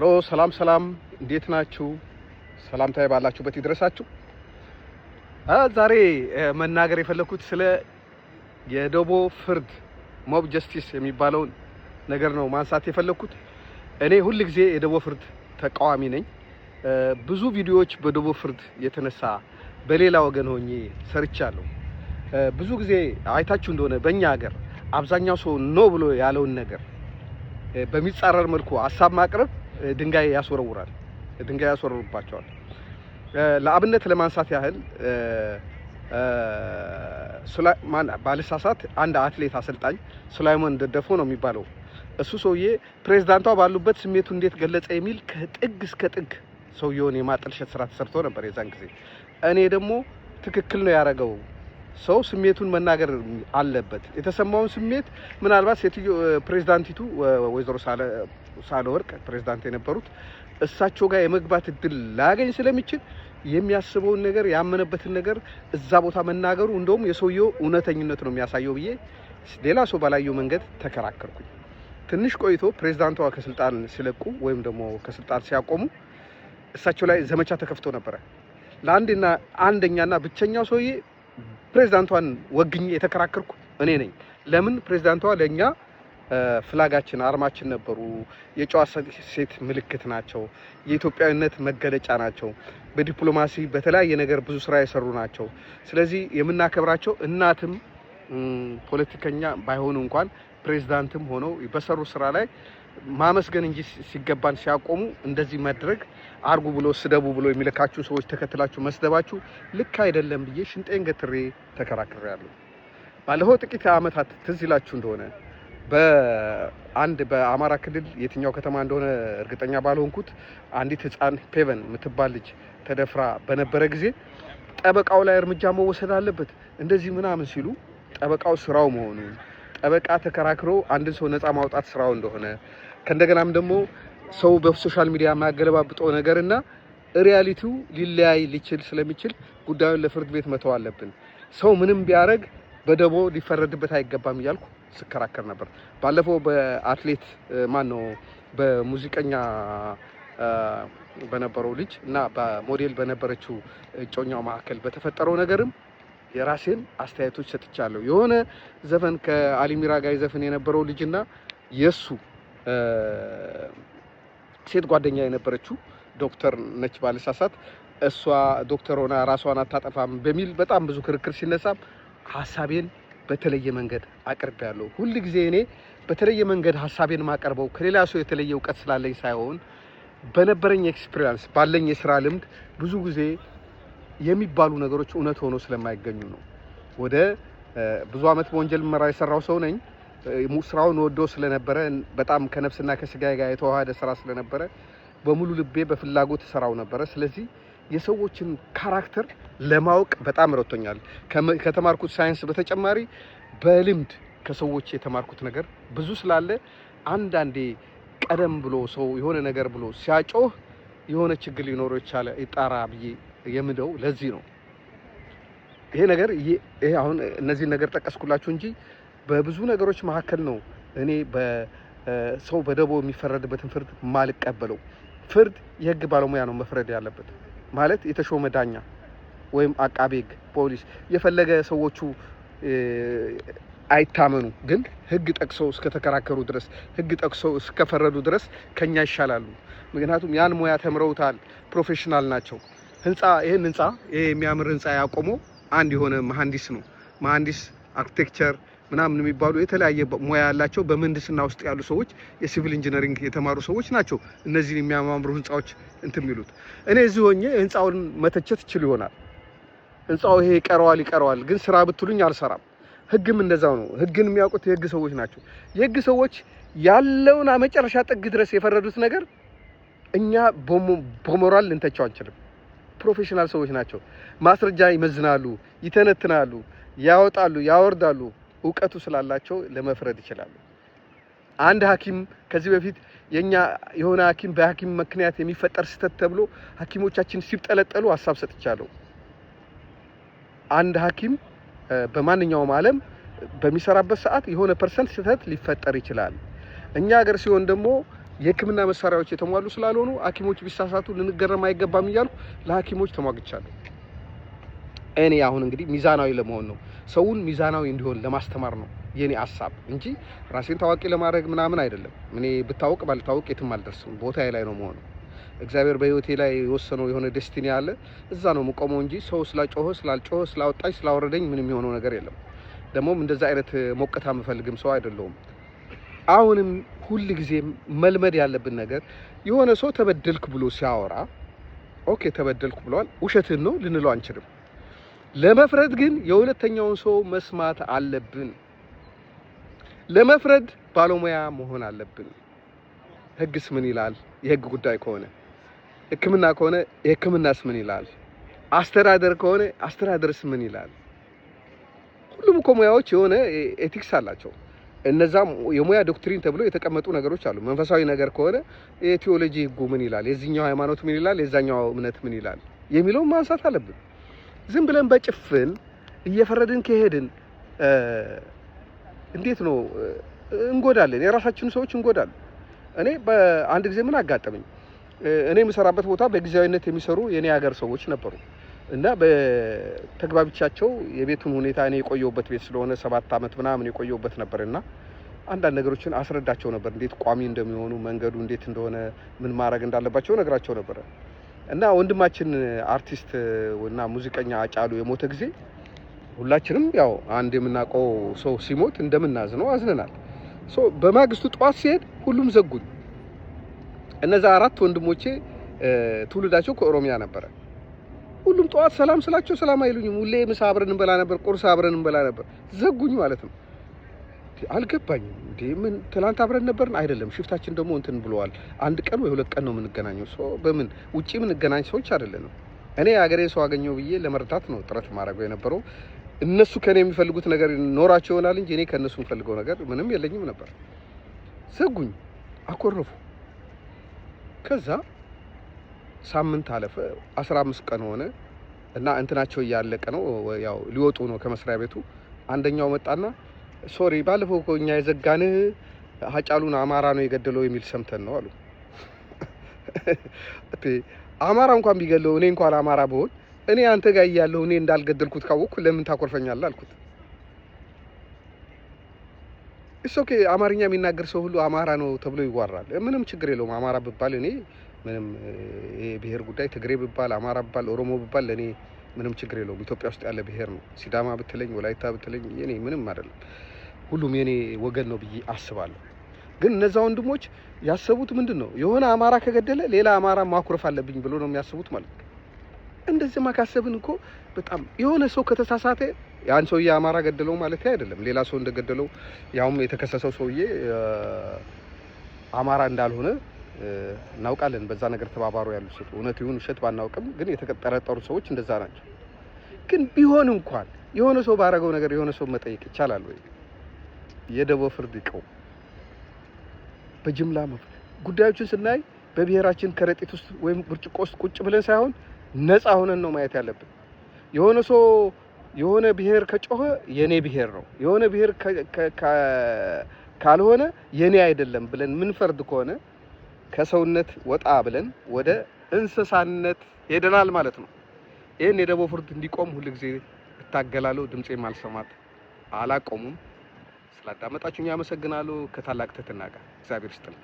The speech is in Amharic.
ሄሎ ሰላም ሰላም፣ እንዴት ናችሁ? ሰላምታዬ ባላችሁበት ይድረሳችሁ። ዛሬ መናገር የፈለኩት ስለ የደቦ ፍርድ ሞብ ጀስቲስ የሚባለውን ነገር ነው ማንሳት የፈለኩት። እኔ ሁል ጊዜ የደቦ ፍርድ ተቃዋሚ ነኝ። ብዙ ቪዲዮዎች በደቦ ፍርድ የተነሳ በሌላ ወገን ሆኜ ሰርቻለሁ። ብዙ ጊዜ አይታችሁ እንደሆነ በእኛ ሀገር አብዛኛው ሰው ኖ ብሎ ያለውን ነገር በሚጻረር መልኩ ሀሳብ ማቅረብ ድንጋይ ያስወረውራል፣ ድንጋይ ያስወረሩባቸዋል። ለአብነት ለማንሳት ያህል ባልሳሳት አንድ አትሌት አሰልጣኝ ሱላይማን ደደፎ ነው የሚባለው። እሱ ሰውዬ ፕሬዝዳንቷ ባሉበት ስሜቱ እንዴት ገለጸ የሚል ከጥግ እስከ ጥግ ሰውየውን የማጠልሸት ስራ ተሰርቶ ነበር የዛን ጊዜ። እኔ ደግሞ ትክክል ነው ያደረገው። ሰው ስሜቱን መናገር አለበት። የተሰማውን ስሜት ምናልባት ሴትዮ ፕሬዝዳንቲቱ ወይዘሮ ሳለ ወርቅ ፕሬዚዳንት የነበሩት እሳቸው ጋር የመግባት እድል ላገኝ ስለሚችል የሚያስበውን ነገር ያመነበትን ነገር እዛ ቦታ መናገሩ እንደውም የሰውየው እውነተኝነት ነው የሚያሳየው ብዬ ሌላ ሰው ባላየው መንገድ ተከራከርኩኝ። ትንሽ ቆይቶ ፕሬዚዳንቷ ከስልጣን ሲለቁ ወይም ደግሞ ከስልጣን ሲያቆሙ እሳቸው ላይ ዘመቻ ተከፍቶ ነበረ። ለአንድና አንደኛና ብቸኛው ሰውዬ ፕሬዚዳንቷን ወግኝ የተከራከርኩ እኔ ነኝ። ለምን ፕሬዚዳንቷ ለእኛ ፍላጋችን አርማችን ነበሩ። የጨዋ ሴት ምልክት ናቸው። የኢትዮጵያዊነት መገለጫ ናቸው። በዲፕሎማሲ በተለያየ ነገር ብዙ ስራ የሰሩ ናቸው። ስለዚህ የምናከብራቸው እናትም ፖለቲከኛ ባይሆኑ እንኳን ፕሬዚዳንትም ሆነው በሰሩ ስራ ላይ ማመስገን እንጂ ሲገባን ሲያቆሙ እንደዚህ መድረግ አርጉ ብሎ ስደቡ ብሎ የሚልካችሁ ሰዎች ተከትላችሁ መስደባችሁ ልክ አይደለም ብዬ ሽንጤን ገትሬ ተከራክሬያለሁ። ባለፈው ጥቂት ዓመታት ትዝ ይላችሁ እንደሆነ በአንድ በአማራ ክልል የትኛው ከተማ እንደሆነ እርግጠኛ ባልሆንኩት አንዲት ህፃን ፔቨን የምትባል ልጅ ተደፍራ በነበረ ጊዜ ጠበቃው ላይ እርምጃ መወሰድ አለበት እንደዚህ ምናምን ሲሉ ጠበቃው ስራው መሆኑን ጠበቃ ተከራክሮ አንድን ሰው ነፃ ማውጣት ስራው እንደሆነ ከእንደገናም ደግሞ ሰው በሶሻል ሚዲያ የማያገለባብጠው እና ሪያሊቲው ሊለያይ ሊችል ስለሚችል ጉዳዩን ለፍርድ ቤት መተው አለብን። ሰው ምንም ቢያደርግ በደቦ ሊፈረድበት አይገባም እያልኩ ስከራከር ነበር። ባለፈው በአትሌት ማን ነው በሙዚቀኛ በነበረው ልጅ እና በሞዴል በነበረችው እጮኛው መካከል በተፈጠረው ነገርም የራሴን አስተያየቶች ሰጥቻለሁ። የሆነ ዘፈን ከአሊሚራ ጋር ዘፈን የነበረው ልጅና የእሱ ሴት ጓደኛ የነበረችው ዶክተር ነች ባለሳሳት እሷ ዶክተር ሆና ራሷን አታጠፋም በሚል በጣም ብዙ ክርክር ሲነሳም ሀሳቤን በተለየ መንገድ አቅርብ ያለው ሁል ጊዜ እኔ በተለየ መንገድ ሀሳቤን ማቀርበው ከሌላ ሰው የተለየ እውቀት ስላለኝ ሳይሆን በነበረኝ ኤክስፒሪያንስ ባለኝ የስራ ልምድ ብዙ ጊዜ የሚባሉ ነገሮች እውነት ሆኖ ስለማይገኙ ነው። ወደ ብዙ ዓመት በወንጀል ምርመራ የሰራው ሰው ነኝ። ስራውን ወዶ ስለነበረ በጣም ከነፍስና ከስጋ ጋር የተዋሃደ ስራ ስለነበረ በሙሉ ልቤ በፍላጎት ሰራው ነበረ። ስለዚህ የሰዎችን ካራክተር ለማወቅ በጣም ረቶኛል። ከተማርኩት ሳይንስ በተጨማሪ በልምድ ከሰዎች የተማርኩት ነገር ብዙ ስላለ አንዳንዴ ቀደም ብሎ ሰው የሆነ ነገር ብሎ ሲያጮህ የሆነ ችግር ሊኖረው ይቻለ ይጣራ ብዬ የምደው ለዚህ ነው። ይሄ ነገር ይሄ አሁን እነዚህን ነገር ጠቀስኩላችሁ እንጂ በብዙ ነገሮች መካከል ነው እኔ ሰው በደቦ የሚፈረድበትን ፍርድ ማልቀበለው። ፍርድ የህግ ባለሙያ ነው መፍረድ ያለበት። ማለት የተሾመ ዳኛ ወይም አቃቤ ፖሊስ የፈለገ ሰዎቹ አይታመኑ ግን ህግ ጠቅሰው እስከተከራከሩ ድረስ ህግ ጠቅሰው እስከፈረዱ ድረስ ከኛ ይሻላሉ። ምክንያቱም ያን ሙያ ተምረውታል፣ ፕሮፌሽናል ናቸው። ህንፃ ይህን ህንፃ ይሄ የሚያምር ህንፃ ያቆመው አንድ የሆነ መሀንዲስ ነው። መሀንዲስ አርክቴክቸር ምናምን የሚባሉ የተለያየ ሙያ ያላቸው በምህንድስና ውስጥ ያሉ ሰዎች የሲቪል ኢንጂነሪንግ የተማሩ ሰዎች ናቸው እነዚህን የሚያማምሩ ህንፃዎች እንትን የሚሉት። እኔ እዚህ ሆኜ ህንፃውን መተቸት ይችል ይሆናል። ህንፃው ይሄ ይቀረዋል ይቀረዋል፣ ግን ስራ ብትሉኝ አልሰራም። ህግም እንደዛው ነው። ህግን የሚያውቁት የህግ ሰዎች ናቸው። የህግ ሰዎች ያለውን መጨረሻ ጥግ ድረስ የፈረዱት ነገር እኛ በሞራል ልንተቸው አንችልም። ፕሮፌሽናል ሰዎች ናቸው። ማስረጃ ይመዝናሉ፣ ይተነትናሉ፣ ያወጣሉ፣ ያወርዳሉ። እውቀቱ ስላላቸው ለመፍረድ ይችላሉ። አንድ ሐኪም ከዚህ በፊት የኛ የሆነ ሐኪም በሐኪም ምክንያት የሚፈጠር ስህተት ተብሎ ሐኪሞቻችን ሲብጠለጠሉ ሀሳብ ሰጥቻለሁ። አንድ ሐኪም በማንኛውም ዓለም በሚሰራበት ሰዓት የሆነ ፐርሰንት ስህተት ሊፈጠር ይችላል። እኛ ሀገር ሲሆን ደግሞ የሕክምና መሳሪያዎች የተሟሉ ስላልሆኑ ሐኪሞች ቢሳሳቱ ልንገረም አይገባም እያልኩ ለሐኪሞች ተሟግቻለሁ። እኔ አሁን እንግዲህ ሚዛናዊ ለመሆን ነው ሰውን ሚዛናዊ እንዲሆን ለማስተማር ነው የኔ ሀሳብ እንጂ ራሴን ታዋቂ ለማድረግ ምናምን አይደለም። እኔ ብታወቅ ባልታወቅ የትም አልደርስም፣ ቦታ ላይ ነው መሆነው። እግዚአብሔር በህይወቴ ላይ የወሰነው የሆነ ደስቲኒ አለ፣ እዛ ነው መቆመው እንጂ ሰው ስላጮኸ ስላልጮኸ ስላወጣኝ ስላወረደኝ ምንም የሆነው ነገር የለም። ደግሞም እንደዛ አይነት ሞቀታ የምፈልግም ሰው አይደለውም። አሁንም ሁል ጊዜ መልመድ ያለብን ነገር የሆነ ሰው ተበደልክ ብሎ ሲያወራ ኦኬ ተበደልኩ ብለዋል፣ ውሸትህን ነው ልንለው አንችልም። ለመፍረድ ግን የሁለተኛውን ሰው መስማት አለብን። ለመፍረድ ባለሙያ መሆን አለብን። ህግስ ምን ይላል? የህግ ጉዳይ ከሆነ ህክምና ከሆነ የህክምናስ ምን ይላል? አስተዳደር ከሆነ አስተዳደርስ ምን ይላል? ሁሉም እኮ ሙያዎች የሆነ ኤቲክስ አላቸው። እነዛም የሙያ ዶክትሪን ተብሎ የተቀመጡ ነገሮች አሉ። መንፈሳዊ ነገር ከሆነ የቴዎሎጂ ህጉ ምን ይላል? የዚህኛው ሃይማኖት ምን ይላል? የዛኛው እምነት ምን ይላል? የሚለውን ማንሳት አለብን። ዝም ብለን በጭፍን እየፈረድን ከሄድን እንዴት ነው እንጎዳለን፣ የራሳችን ሰዎች እንጎዳለን። እኔ በአንድ ጊዜ ምን አጋጠመኝ፣ እኔ የምሰራበት ቦታ በጊዜያዊነት የሚሰሩ የኔ ሀገር ሰዎች ነበሩ እና በተግባቢቻቸው የቤቱን ሁኔታ እኔ የቆየሁበት ቤት ስለሆነ ሰባት ዓመት ምናምን የቆየሁበት ነበር እና አንዳንድ ነገሮችን አስረዳቸው ነበር። እንዴት ቋሚ እንደሚሆኑ መንገዱ እንዴት እንደሆነ ምን ማድረግ እንዳለባቸው ነግራቸው ነበረ። እና ወንድማችን አርቲስት እና ሙዚቀኛ አጫሉ የሞተ ጊዜ ሁላችንም ያው አንድ የምናውቀው ሰው ሲሞት እንደምናዝነው አዝነናል። በማግስቱ ጠዋት ሲሄድ ሁሉም ዘጉኝ። እነዛ አራት ወንድሞቼ ትውልዳቸው ከኦሮሚያ ነበረ። ሁሉም ጠዋት ሰላም ስላቸው ሰላም አይሉኝም። ሁሌ ምሳ አብረን እንበላ ነበር፣ ቁርስ አብረን እንበላ ነበር። ዘጉኝ ማለት ነው። አልገባኝም። እንዴ ምን ትናንት አብረን ነበርን አይደለም? ሽፍታችን ደግሞ እንትን ብለዋል። አንድ ቀን ወይ ሁለት ቀን ነው የምንገናኘው። ሰው በምን ውጭ የምንገናኝ ሰዎች አይደለንም። እኔ ሀገሬ ሰው አገኘው ብዬ ለመርዳት ነው ጥረት ማድረገው የነበረው። እነሱ ከኔ የሚፈልጉት ነገር ኖራቸው ይሆናል እንጂ እኔ ከእነሱ የምፈልገው ነገር ምንም የለኝም ነበር። ዘጉኝ፣ አኮረፉ። ከዛ ሳምንት አለፈ፣ አስራ አምስት ቀን ሆነ እና እንትናቸው እያለቀ ነው፣ ያው ሊወጡ ነው ከመስሪያ ቤቱ። አንደኛው መጣና ሶሪ ባለፈው እኮ እኛ የዘጋንህ ሀጫሉን አማራ ነው የገደለው የሚል ሰምተን ነው አሉ። አማራ እንኳን ቢገለው እኔ እንኳን አማራ ብሆን እኔ አንተ ጋር እያለሁ እኔ እንዳልገደልኩት ካወቅኩ ለምን ታኮርፈኛለህ አልኩት። እሶኬ አማርኛ የሚናገር ሰው ሁሉ አማራ ነው ተብሎ ይዋራል። ምንም ችግር የለውም። አማራ ብባል እኔ ምንም ይሄ ጉዳይ ትግሬ ብባል አማራ ብባል ኦሮሞ ብባል ለእኔ ምንም ችግር የለውም። ኢትዮጵያ ውስጥ ያለ ብሄር ነው። ሲዳማ ብትለኝ፣ ወላይታ ብትለኝ የኔ ምንም አይደለም። ሁሉም የኔ ወገን ነው ብዬ አስባለሁ። ግን እነዛ ወንድሞች ያሰቡት ምንድን ነው? የሆነ አማራ ከገደለ ሌላ አማራ ማኩረፍ አለብኝ ብሎ ነው የሚያስቡት ማለት ነው። እንደዚህ ማካሰብን እኮ በጣም የሆነ ሰው ከተሳሳተ ያን ሰውዬ አማራ ገደለው ማለት አይደለም። ሌላ ሰው እንደገደለው ያውም የተከሰሰው ሰውዬ አማራ እንዳልሆነ እናውቃለን። በዛ ነገር ተባባሩ ያሉ ሰው እውነት ይሁን ውሸት ባናውቅም፣ ግን የተጠረጠሩ ሰዎች እንደዛ ናቸው። ግን ቢሆን እንኳን የሆነ ሰው ባረገው ነገር የሆነ ሰው መጠየቅ ይቻላል ወይ? የደቦ ፍርድ ይቀው በጅምላ መፍረድ ጉዳዮችን ስናይ በብሔራችን ከረጢት ውስጥ ወይም ብርጭቆ ውስጥ ቁጭ ብለን ሳይሆን ነፃ ሆነን ነው ማየት ያለብን። የሆነ ሰው የሆነ ብሔር ከጮኸ የኔ ብሔር ነው፣ የሆነ ብሔር ካልሆነ የኔ አይደለም ብለን ምን ፈርድ ከሆነ ከሰውነት ወጣ ብለን ወደ እንስሳነት ሄደናል ማለት ነው። ይህን የደቦ ፍርድ እንዲቆም ሁልጊዜ እታገላለሁ። ድምፄ ማልሰማት አላቆሙም። ስላዳመጣችሁኝ አመሰግናለሁ። ከታላቅ ትህትና ጋር እግዚአብሔር ይስጥልኝ።